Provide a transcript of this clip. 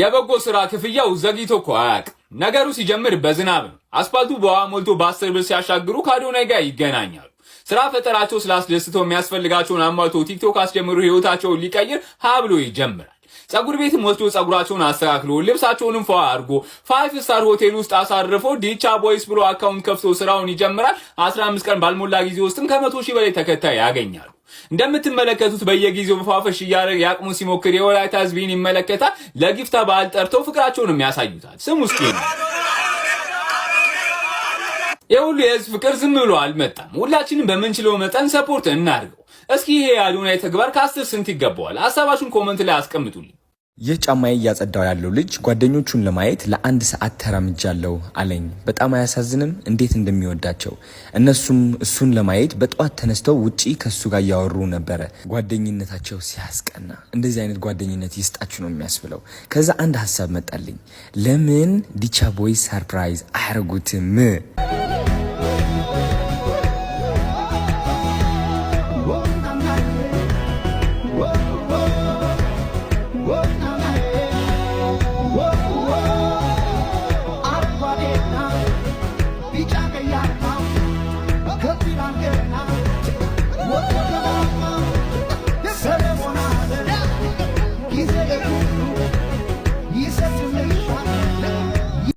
የበጎ ስራ ክፍያው ዘግይቶ እኮ አያውቅም። ነገሩ ሲጀምር በዝናብ ነው። አስፓልቱ በውሃ ሞልቶ በአስር ብር ሲያሻግሩ ከአዶናይ ጋር ይገናኛሉ። ስራ ፈጠራቸው ስላስደስተው የሚያስፈልጋቸውን አሟልቶ ቲክቶክ አስጀምሮ ህይወታቸውን ሊቀይር ሀብሎ ይጀምራል። ጸጉር ቤትም ወስዶ ጸጉራቸውን አስተካክሎ ልብሳቸውንም ፏ አድርጎ ፋይፍ ስታር ሆቴል ውስጥ አሳርፎ ዲቻ ቦይስ ብሎ አካውንት ከፍቶ ስራውን ይጀምራል። 15 ቀን ባልሞላ ጊዜ ውስጥም ከመቶ ሺህ በላይ ተከታይ ያገኛሉ። እንደምትመለከቱት በየጊዜው መፋፈሽ እያደረገ የአቅሙ ሲሞክር የወላይታ ህዝብን ይመለከታል። ለጊፍታ በዓል ጠርተው ፍቅራቸውንም ያሳዩታል። ስም ውስጥ ነው የሁሉ የህዝብ ፍቅር ዝም ብሎ አልመጣም። ሁላችንም በምንችለው መጠን ሰፖርት እናድርገው። እስኪ ይሄ የአዶናይ ተግባር ከአስር ስንት ይገባዋል? ሀሳባችሁን ኮመንት ላይ አስቀምጡልኝ። ይህ ጫማዬ እያጸዳው ያለው ልጅ ጓደኞቹን ለማየት ለአንድ ሰዓት ተራምጃለሁ አለኝ። በጣም አያሳዝንም? እንዴት እንደሚወዳቸው እነሱም እሱን ለማየት በጠዋት ተነስተው ውጪ ከእሱ ጋር እያወሩ ነበረ። ጓደኝነታቸው ሲያስቀና፣ እንደዚህ አይነት ጓደኝነት ይስጣችሁ ነው የሚያስብለው። ከዛ አንድ ሀሳብ መጣልኝ። ለምን ዲቻ ቦይ ሰርፕራይዝ አያርጉትም? Yeah.